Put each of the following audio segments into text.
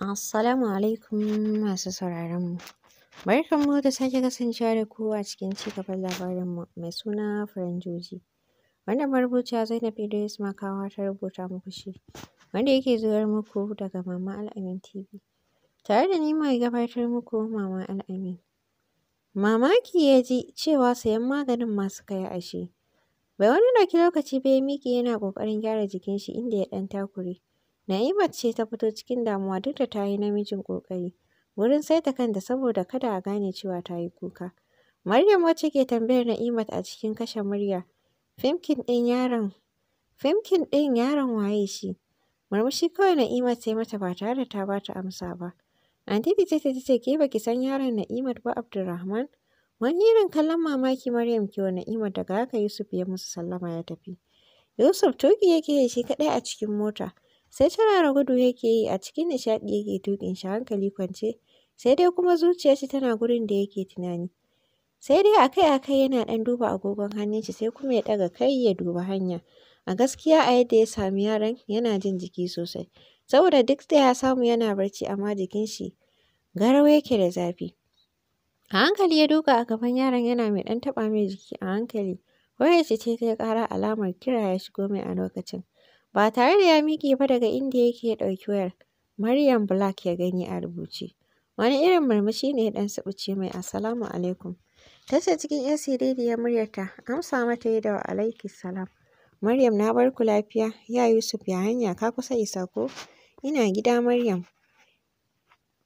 Assalamu alaikum masu sauraron mu. Barkan mu da sake kasancewa da ku a cikin cigaban labarin mu mai suna firanjoji Wannan marubuciya Zainab Idris Makawa ta rubuta muku shi wanda yake zuwa muku daga Mama Al'amin TV. Tare da ni mai gabatar muku Mama Al'amin. Mamaki ya ji cewa sayan maganin masu kai ashe. Bai wani ɗauki lokaci ba ya yana ƙoƙarin gyara jikin shi inda ya ɗan takure. Na'imat ce ta fito cikin damuwa duk da ta yi namijin ƙoƙari wurin saita kanta saboda kada a gane cewa ta yi kuka. Maryam wacce ke tambayar Na'imat a cikin kashe murya, Fimkin ɗin yaron, Fimkin ɗin yaron waye shi? Murmushi kawai Na'imat ta yi mata ba tare da ta ba ta amsa ba. Anti ce ta ce ke baki san yaron Na'imat ba Abdulrahman? Wani irin kallon mamaki Maryam ke wa Na'imat daga haka Yusuf ya musu sallama ya tafi. Yusuf tuƙi yake yi shi kaɗai a cikin mota. sai cirara gudu yake yi a cikin nishaɗi yake tuƙin shi hankali kwance sai dai kuma zuciyar shi tana gurin da yake tunani sai dai akai-akai yana ɗan duba agogon hannun shi sai kuma ya ɗaga kai ya duba hanya a gaskiya a yadda ya sami yaron yana jin jiki sosai saboda duk da ya samu yana barci amma jikin shi garau yake da zafi a hankali ya duka a gaban yaron yana mai ɗan taɓa mai jiki a hankali wayar shi ce ta ƙara alamar kira ya shigo mai a lokacin ba tare da ya miƙe ba daga inda yake ɗauki wayar. Maryam Black ya gani a rubuce. Wani irin murmushi ne dan ɗan mai assalamu alaikum. Ta ce cikin 'yan ya muryarta, amsa mata yi da wa alaiki salam. Maryam na bar ku lafiya, ya Yusuf ya hanya ka kusa isa ko? Ina gida Maryam.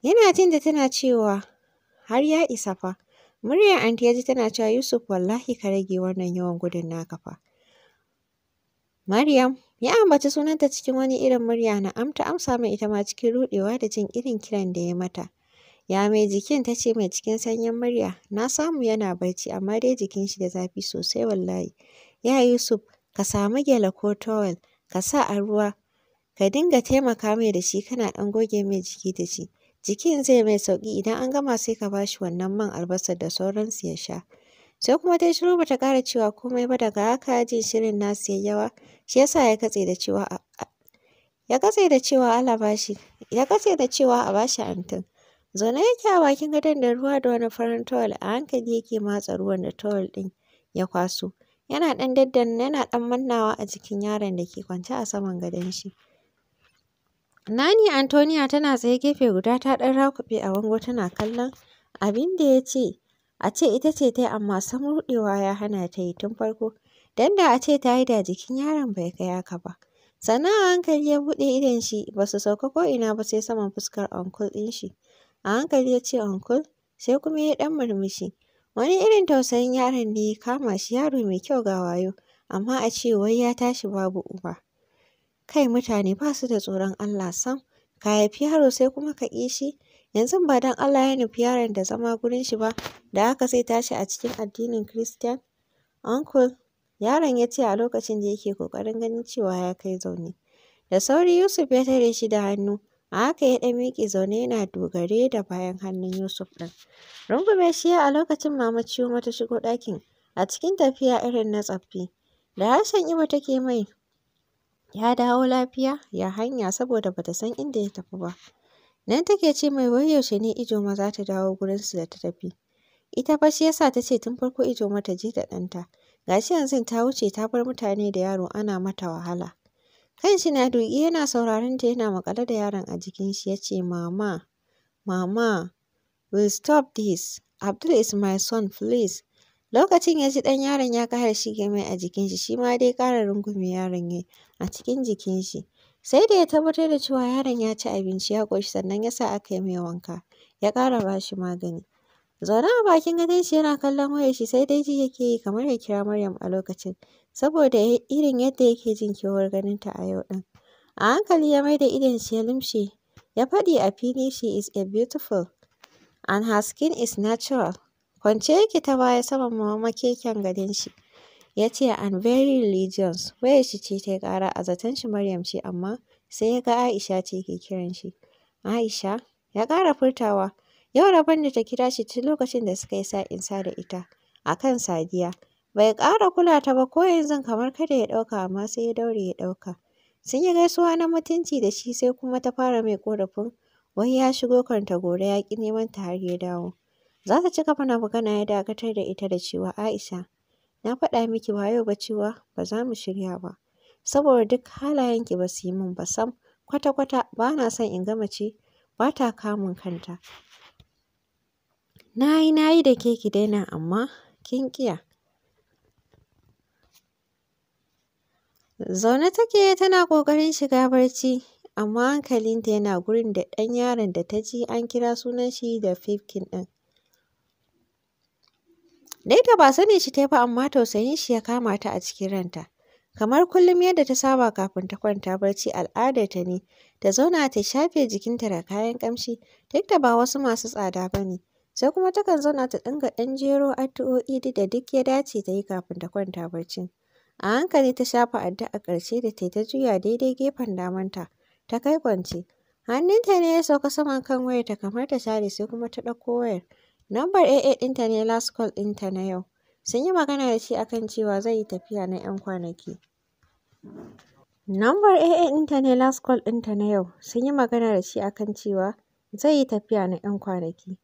Yana jin da tana cewa har ya isa fa. Maryam anti ya ji tana cewa Yusuf wallahi ka rage wannan yawan gudun naka fa. Maryam Ya ambaci sunanta cikin wani irin murya na amta amsa mai ita ma cikin ruɗewa da jin irin kiran da ya mata. Ya mai jikin ta ce mai cikin sanyin murya, na samu yana barci amma dai jikin shi da zafi sosai wallahi. Ya Yusuf, ka samu gyale ko towel, ka sa a ruwa, ka dinga taimaka mai da shi kana ɗan goge mai jiki da shi. Jikin zai mai sauki idan an gama sai ka bashi wannan man albasa da sauransu ya sha. Sai kuma ta shiru bata ƙara cewa komai ba daga haka jin shirin nasu ya yawa, shi yasa ya katse da cewa ya katse da cewa bashi, ya katse da cewa a bashi antin. Zaune yake a bakin gadon da ruwa da wani farin towel a hankali yake matsa ruwan da towel din ya kwaso. Yana ɗan daddan yana ɗan mannawa a jikin yaron da ke kwance a saman gadon shi. Nani Antonia tana tsaye gefe guda ta ɗan rakuɓe a wango tana kallon abin da ya ce A ce ita ce ta amma sam ruɗewa ya hana ta yi tun farko. Don da a ce ta yi da jikin yaron bai kai yaka ba. Sannan a hankali ya buɗe idon shi ba su sauka ina ba sai saman fuskar onkul ɗin shi. A hankali ya ce onkul sai kuma ya ɗan murmushi. Wani irin tausayin yaron ne ya kama shi yaro mai kyau ga wayo amma a ce wai ya tashi babu uba. Kai mutane ba su da tsoron Allah sam. Ka haifi yaro sai kuma ka ƙi shi. Yanzu ba don Allah ya nufi yaron da zama gurin shi ba, da aka sai tashi a cikin addinin Christian. Uncle, yaron ya ce a lokacin da yake kokarin ganin cewa ya kai zaune. Da sauri Yusuf ya tare shi da hannu, a haka ya ɗan miƙe zaune yana dogare da bayan hannun Yusuf ɗin. Rungume shi a lokacin mama ciwo ta shigo ɗakin, a cikin tafiya irin na tsaffi. Da harshen Ibo take mai, ya dawo lafiya, ya hanya, saboda bata san inda ya tafi ba. Nan take ce mai wai yaushe ne Ijoma za ta dawo gurinsu da ta tafi. Ita fa shi yasa ta ce tun farko Ijoma ta je da ɗanta. Gashi yanzu ta wuce ta bar mutane da yaro ana mata wahala. Kan shi na doki yana sauraron ta yana makale da yaron a jikin shi ya ce mama, mama, will stop this. Abdul is my son please. Lokacin ya ji ɗan yaron ya ƙara shige mai a jikin shi, shi ma dai kara rungume yaron ya a cikin jikin shi. Sai da ya tabbatar da cewa yaron ya ci abinci ya ƙoshi sannan ya sa aka yi mai wanka, ya kara ba shi magani. Zaune a bakin gadon shi yana kallon wayar shi sai dai ji yake yi kamar ya kira Maryam a lokacin, saboda irin yadda yake jin kewar ganin ta a yau ɗin. A hankali ya maida idon shi ya lumshi. ya faɗi a fili shi is a beautiful and her skin is natural. Kwance yake ta baya saman mamakeken gadin shi. Ya ce I'm very religious. waya shi ce ta ƙara a zaton shi Maryam ce amma sai ya ga Aisha ce ke kiran shi. Aisha ya ƙara furtawa. Yau rabon da ta kira shi tun lokacin da suka yi sa da ita a kan Sadiya. Bai ƙara kula ta ba ko yanzu kamar kada ya ɗauka amma sai ya daure ya ɗauka. Sun yi gaisuwa na mutunci da shi sai kuma ta fara mai ƙorafin wai ya shigo kanta gore ya ƙi neman ta har ya dawo. Za ta ci gaba na magana ya dakatar da ita da cewa Aisha, na faɗa miki ba ba cewa ba za mu shirya ba. Saboda duk halayenki ba su yi min ba sam kwata-kwata ba na son in gama mace ba ta kamun kanta. Na yi na yi da ke ki daina amma kin kiya Zaune take tana ƙoƙarin shiga barci amma hankalinta yana gurin da ɗan yaron da ta ji an kira sunan shi da fifkin ɗin. Naita ba sani shi ta yi ba amma tausayin shi ya kama ta a cikin ranta. Kamar kullum yadda ta saba kafin ta kwanta barci al'adar ta ne, ta zauna ta shafe jikinta da kayan ƙamshi, duk da ba wasu masu tsada ba ne. Sai kuma takan zauna ta dinga ɗan jero addu'o'i duk da duk ya dace ta yi kafin ta kwanta barci. A hankali ta shafa addu'a ƙarshe da ta ta juya daidai gefen damanta, ta kai kwance. Hannunta ne ya sauka saman kan wayarta kamar ta share sai kuma ta ɗauko wayar. Lambar AA ɗinta ne last call ɗinta na yau. Sun yi magana da shi a cewa zai yi tafiya na 'yan kwanaki. Lambar AA ɗinta ne last call ɗinta na yau. Sun yi magana da shi a cewa zai yi tafiya na 'yan kwanaki.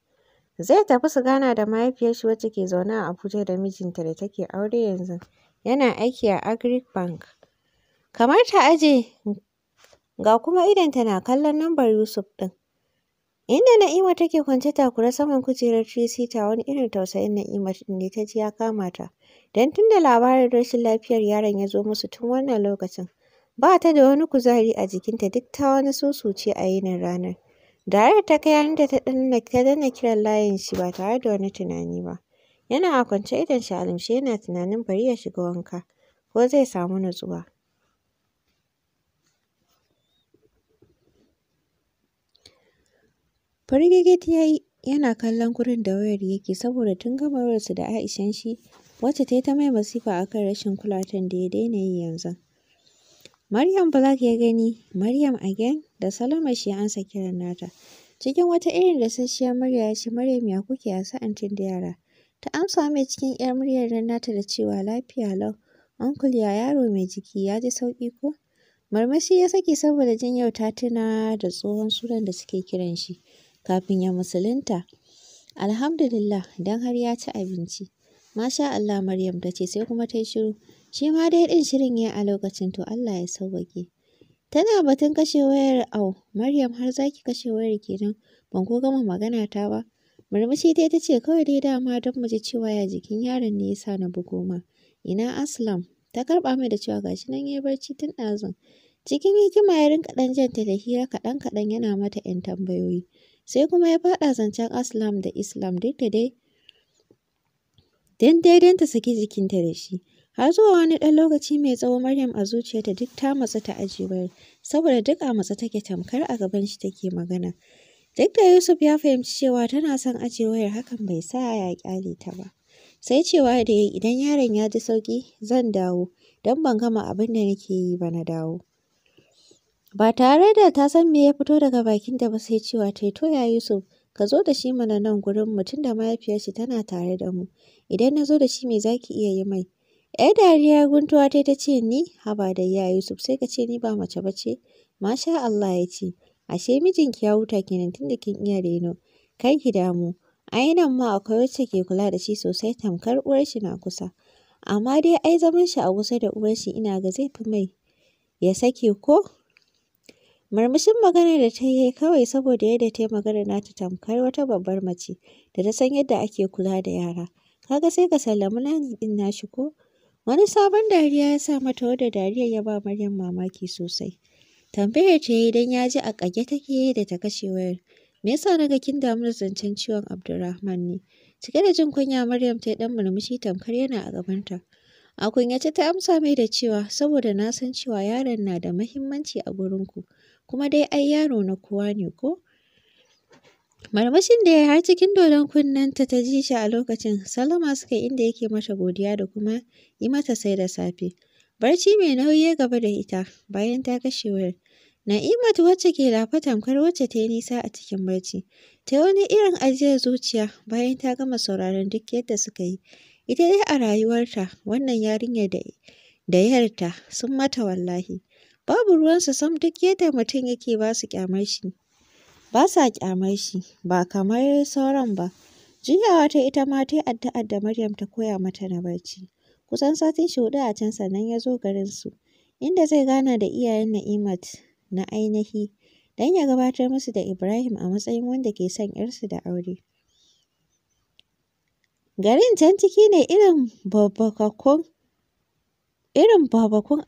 Zai tafi su gana da mahaifiyar shi wacce ke zaune a Abuja da mijinta da take aure yanzu. Yana aiki a Agric Bank. Kamar ta aje ga kuma idonta na kallon lambar Yusuf ɗin. Inda Na'ima take kwance takura saman kujerar ta wani irin tausayin Na'ima ne ta ji ya kama ta. Don tun da labarin rashin lafiyar yaron ya zo musu tun wannan lokacin, ba ta da wani kuzari a jikinta duk ta wani ce a yinin ranar. Da Dare ta kai da ta danna kiran layin shi ba tare da wani tunani ba. Yana a kwance idon shi a yana tunanin bari ya shiga wanka ko zai samu nutsuwa. Firgigit ya yi, yana kallon gurin da wayar yake saboda tun gamawarsu da Aishan shi, wacce ta yi ta mai masifa a kan rashin kulatan da ya daina yi yanzu. Maryam Black ya gani, Maryam again, da Salama shi an sa kiran nata. Cikin wata irin da sashiyar murya ya ce, Maryam ya kuke a sa'antin da yara? Ta amsa mai cikin 'yar muryar nan nata da cewa lafiya lau. Uncle ya yaro mai jiki ya ji sauƙi ko? Marmashi ya saki saboda jin yau ta tuna da tsohon sunan da suke kiran shi. kafin ya musulunta. Alhamdulillah don har ya ci abinci. Masha Allah Maryam ta ce sai kuma ta yi shiru. Shi ma dai ɗin shirin ya a lokacin to Allah ya sauwake. Tana batun kashe wayar au Maryam har za ki kashe wayar kenan ban ko gama magana ta ba. Murmushi dai ta ce kawai dai dama don mu ji cewa ya jikin yaron ne ya na bugo ma. Ina Aslam ta karɓa mai da cewa gashi nan ya barci tun ɗazun. Cikin hikima ya rinka ɗan janta da hira kaɗan-kaɗan yana mata ‘yan tambayoyi. sai kuma ya faɗa zancen aslam da islam duk da dai don ta saki jikinta da shi har zuwa wani ɗan lokaci mai tsawo maryam a zuciyarta duk ta matsa ta ajiye saboda duk a matsa take tamkar a gaban shi take magana duk da yusuf ya fahimci cewa tana son aje wayar hakan bai sa ya kyale ta ba sai cewa da idan yaron ya ji sauki zan dawo don ban gama abin da nake yi ba na dawo Ba tare da ta san me ya fito daga bakin bakinta ba sai cewa ta yi to Yusuf ka zo da shi mana nan gurin mu tunda shi tana tare da mu. Idan na zo da shi me zaki iya yi mai? ‘Yar dariya guntuwa ta ta ce ni haba da ya Yusuf sai ka ce ni ba mace bace Masha Allah ya ce ashe mijinki ya huta kenan tunda kin iya reno. kai ki damu. Ai nan ma akwai wacce ke kula da shi sosai tamkar uwarshi na kusa. Amma dai ai zaman shi a kusa da uwar shi ina ga zai fi mai ya sake ko? Murmushin magana da ta yi kawai saboda yadda ta yi magana na ta tamkar wata babbar mace da ta san yadda ake kula da yara. Kaga sai ka na in na shi, ko? Wani sabon dariya ya sa mata wadda dariyar ya ba Maryam mamaki sosai. Tambayar ta yi don ya ji a ƙage take da ta kashe wayar. Me yasa na ga kin damu zancen ciwon Abdulrahman ne? Cike da jin kunya Maryam ta yi ɗan murmushi tamkar yana a gabanta. A kunyace ta amsa mai da cewa, "Saboda na san cewa yaron na da mahimmanci a gurinku, kuma dai ai yaro na kowa ne ko?" Marmashin da ya har cikin dodon kunnenta ta ta ji shi a lokacin, salama suka yi inda yake mata godiya da kuma yi mata sai da safe. Barci mai nauyi ya gaba da ita bayan ta kashe wayar. Na'imatu wacce ke lafa tamkar wacce ta yi nisa a cikin barci, ta yi wani irin ajiyar zuciya bayan ta gama sauraron duk yadda suka yi. Ita dai a rayuwarta wannan yarinyar da yarta sun mata wallahi. Babu ruwansu sam duk yadda mutum yake basu su kyamar shi. Ba sa kyamar shi ba kamar sauran ba. Juyawa ta ita ma ta yi addu'ar da Maryam ta koya mata na barci. Kusan satin shi huɗu a can sannan ya zo garinsu, inda zai gana da iyayen Na'imat na ainihi dan ya gabatar musu da Ibrahim a matsayin wanda ke son ‘yarsu da aure. Garin can ciki ne irin babbakakkun irin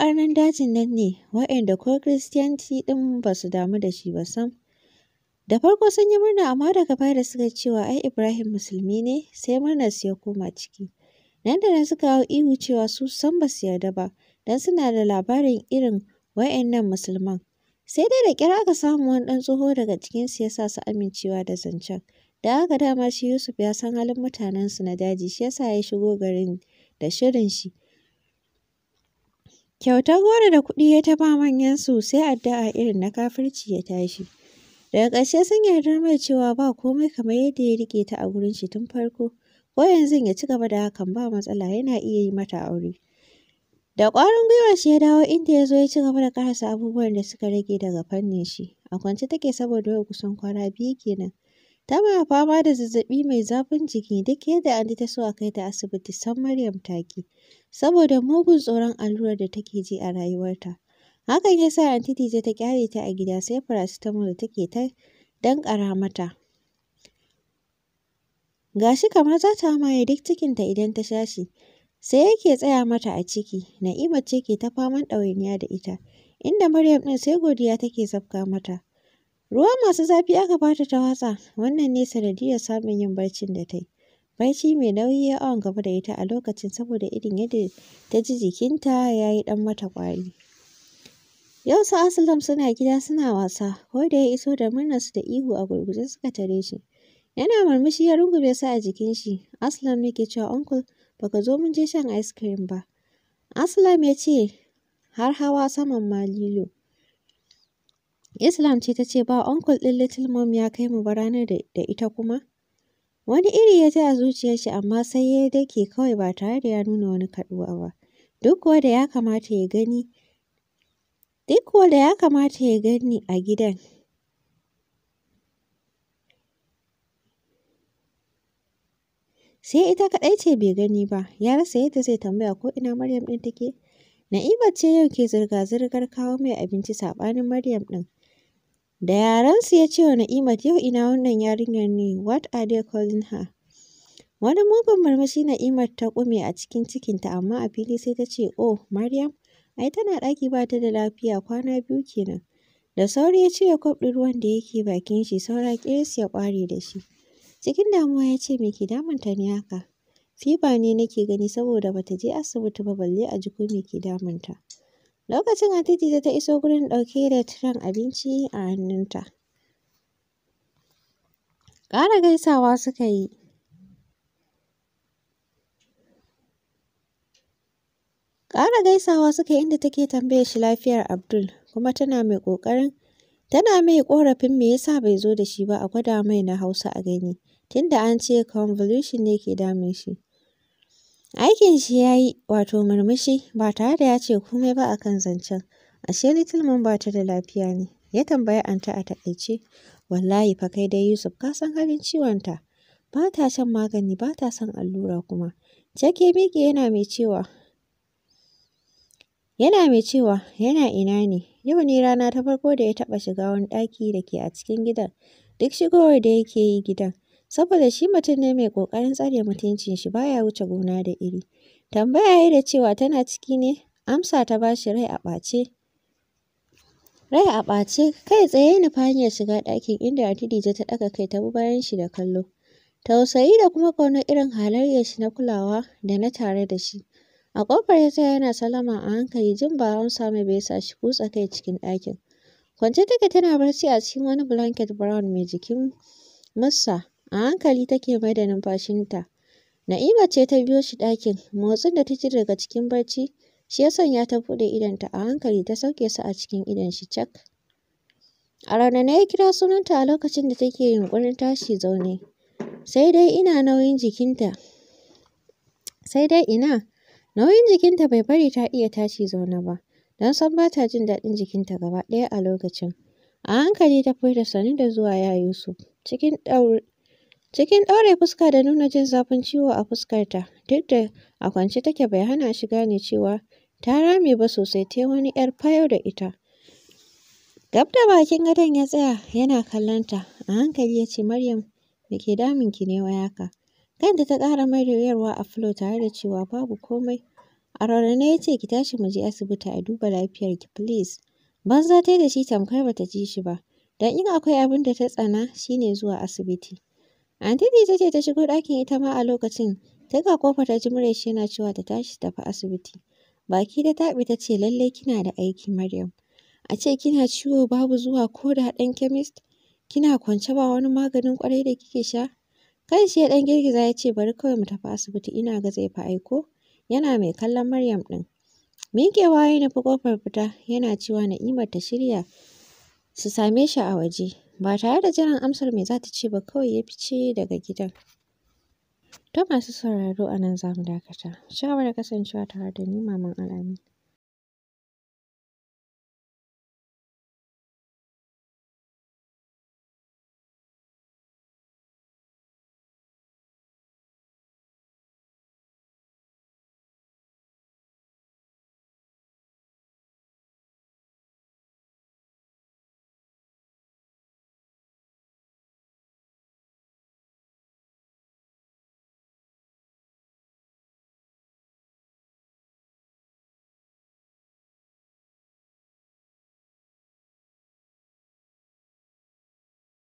arnan dajin nan ne waɗanda ko kristiyanci ɗin ba su damu da shi ba sam. Da farko sun yi murna amma daga baya da suka cewa ai Ibrahim musulmi ne sai su ya koma ciki. Nan da nan suka hau ihu cewa su san ba su yarda ba don suna da labarin irin wayannan musulman. Sai dai da ƙyar aka samu wani ɗan tsoho daga cikinsu ya sa su amincewa da zancen. Da haka dama shi Yusuf ya san halin mutanensu na daji shi yasa ya shigo garin da shirin shi. Kyautar goro da kuɗi ya taɓa ba manyansu sai addu'a irin na kafirci ya tashi. Daga ƙarshe sun yarda mai cewa ba komai kamar yadda ya riƙe ta a gurin shi tun farko, ko yanzu ya ci gaba da hakan ba matsala yana iya yi mata aure. Da ƙwarin gwiwar shi ya dawo inda ya zo ya ci gaba da karasa abubuwan da suka rage daga fannin shi. A kwance take saboda wai kusan kwana biyu kenan. Tana fama da zazzaɓi mai zafin jiki duk yadda Andy ta so a kai ta asibiti san Maryam ta ƙi, saboda mugun tsoron allurar da take ji a rayuwarta. Hakan ya sa Aunty ta ƙyale ta a gida sai paracetamol da take ta ƙara mata. Ga shi kamar za ta ya duk cikin ta idan ta sha shi, sai yake tsaya mata a ciki, Na'ima ce ke ta faman ɗawainiya da ita, inda Maryam ɗin sai godiya take zabka mata. Ruwa masu zafi aka bata ta watsa, wannan ne sanadiyar samun yin barcin da ta yi. Barci mai nauyi ya awon gaba da ita a lokacin saboda irin yadda ta ji jikinta ya yi ɗan mata ƙwari. Yau su Aslam suna gida suna wasa, ko da ya iso da murnar su da ihu a gurguje suka tare shi. Yana murmushi ya rungume su a jikin shi, Aslam ne ke cewa uncle baka zo mun je shan ice cream ba. Aslam ya ce har hawa saman ma Islam ce ta ce ba onkul ɗin Little Mom ya kai mu ba ranar da ita kuma? Wani iri ya ji a zuciyar shi amma sai ya dake kawai ba tare da ya nuna wani kaɗuwa ba. Duk kuwa da ya kamata ya gani Duk kuwa ya kamata ya gani a gidan. Sai ita kaɗai ce bai gani ba, ya rasa yadda zai tambaya ko ina Maryam ɗin take. Na'ibar ce yau ke zirga-zirgar kawo mai abinci saɓanin Maryam ɗin. Da yarensu ya ce wa Na'imat, "Yau ina wannan yarinyar ne, what are they calling her?" Wani mugun murmushi Na'imat ta kume a cikin cikinta amma a fili sai ta ce, "Oh, Maryam, ai tana ɗaki ba ta da lafiya kwana biyu kenan." Da sauri ya cire ya ɗin ruwan da yake bakin shi saura kiris ya kware da shi. Cikin damuwa ya ce, "Me ke damunta ne haka?" Fiba ne nake gani saboda bata je asibiti ba balle a ji ko me ke damunta. Lokacin da ta iso gurin ɗauke da tiran abinci a hannunta. Ƙara gaisawa suka yi. Ƙara gaisawa suka yi inda take tambayar shi lafiyar Abdul kuma tana mai ƙoƙarin tana mai ƙorafin me yasa bai zo da shi ba a gwada mai na Hausa a gani tunda an ce convolution ne ke damun shi. Aikin shi ya yi, wato murmushi, ba tare da ya ce komai ba a kan zancen. Ashe Little Mun ba ta da lafiya ne, ya tambayi Anta a taƙaice. Wallahi fa kai dai Yusuf ka san halin ciwonta. Ba ta shan magani ba ta son allura kuma. Jake Miki yana mai cewa Yana mai cewa yana ina ne, yau ne rana ta farko da ya taɓa shiga wani ɗaki da ke a cikin gidan, duk shigowar da yake yi gidan. saboda shi mutum ne mai ƙoƙarin tsare mutuncin shi baya wuce gona da iri. Tambaya ya da cewa tana ciki ne? Amsa ta ba shi rai a ɓace. Rai a ɓace, kai tsaye ni hanyar shiga ɗakin inda Antidija ta ɗaga kai ta bi bayan shi da kallo. Tausayi da kuma kauna irin halayyar shi na kulawa da na tare da shi. A ƙofar ya tsaya yana salama a hankali jin ba amsa mai bai sa shi kutsa kai cikin ɗakin. Kwance take tana barci a cikin wani blanket brown mai jikin masa A hankali take maida numfashinta. Na'ima ce ta biyo shi ɗakin. Motsin da ta ji daga cikin barci shi ya sanya ta buɗe idonta a hankali ta sauke su a cikin idon shi cak. A raunana ya kira sunanta a lokacin da take yunƙurin tashi zaune. Sai dai ina nauyin jikinta. Sai dai ina nauyin jikinta bai bari ta iya tashi zaune ba. Don san ba ta jin daɗin jikinta gaba ɗaya a lokacin. A hankali ta furta sani da zuwa ya Yusuf cikin Cikin ɗaure fuska da nuna jin zafin ciwo a fuskarta, duk da a kwance take bai hana shi gane cewa ta rame ba sosai ta wani ‘yar fayo da ita. Gab da bakin gadon ya tsaya yana kallonta, a hankali ya ce, Maryam, me ke ki ne wayaka haka? Kanta ta ƙara yarwa a fulo tare da cewa babu komai. A rarrane ya ce, ki tashi mu je asibiti a duba lafiyarki please. Banza yi da shi tamkar bata ji shi ba, don in akwai abin da ta tsana shi ne zuwa asibiti. Anti ta ce ta shigo ɗakin ita ma a lokacin. Ta ga kofar ta ji murya yana cewa ta tashi ta tafi asibiti. Baki da taɓi ta ce lallai kina da aiki Maryam. A ce kina ciwo babu zuwa ko da ɗan chemist? Kina kwance ba wani maganin ƙwarai da kike sha? Kan shi ya ɗan girgiza ya ce bari kawai mu tafi asibiti ina ga zai fi aiko. Yana mai kallon Maryam ɗin. Miƙewa ya nufi kofar fita yana cewa Na'imar ta shirya su same shi a waje. ba tare da jiran amsar mai za ta ce ba kawai ya fice daga gidan. To masu sauraro a nan za mu dakata. Shawarar kasancewa tare da ni Maman Al'amin.